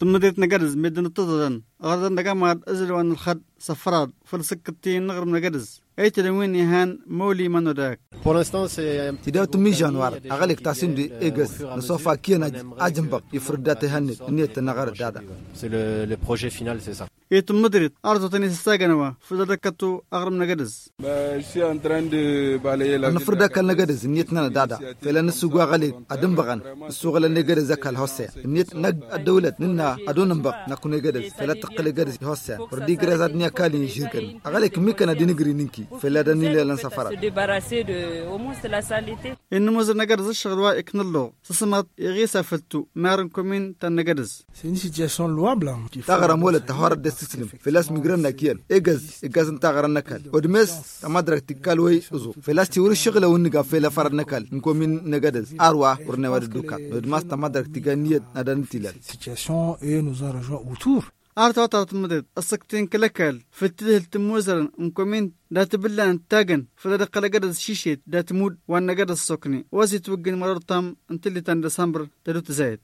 تمديت نقرز ميدن تضغن غرد نقامر أزلوان الخد سفراد فلسك فلسكتين نغر نقرز اي تلوين يهان مولي منو داك بور انستان تمي جانوار اغلق تاسين دي euh, ايغس نصوفا كينا اجنبق يفرد دات هني نيت نغر دادا سي لو بروجي فينال سي سا يتمدرت أرضو تني ساقنوا فدركتو أغرب نجدز بشيان ترند بالي أنا فردا كان نجدز نيتنا دادا فلا نسوق غالي أدم بغن السوق لنا نجدز أكل هوسة نيت نج الدولة ننا أدون نبغ نكون نجدز فلا تقل نجدز هوسة فردي جرز أدنى كالي يشيركن أغلق ميكنا دين جرينكي فلا دني لنا سفرة إن مزر نجدز الشغل وإكنلو سسمت يغيسا فتو مارن كومين تنجدز تغرم ولا تهرب تسلم فلاس مقرنا كيل إجاز إجاز انت غرنا كال ودمس درك تكال وي أزو فلاس تيوري الشغل ونقا فيلا فرنا كال نكون من نجادز أروى ورنا ورد دوكا ودمس تمادرك تكال نيت ندان تيلال سيتياسيون إيه نزار جوا أوتور أرتو أرتو مدد أسكتين كلكال فتده التموزرن مكومين لا تبلان تاجن فدا قلا جدز شيشيت لا تمود وان جدز سكني وزيت وجن مرر انت اللي تندسامبر ديسمبر تدو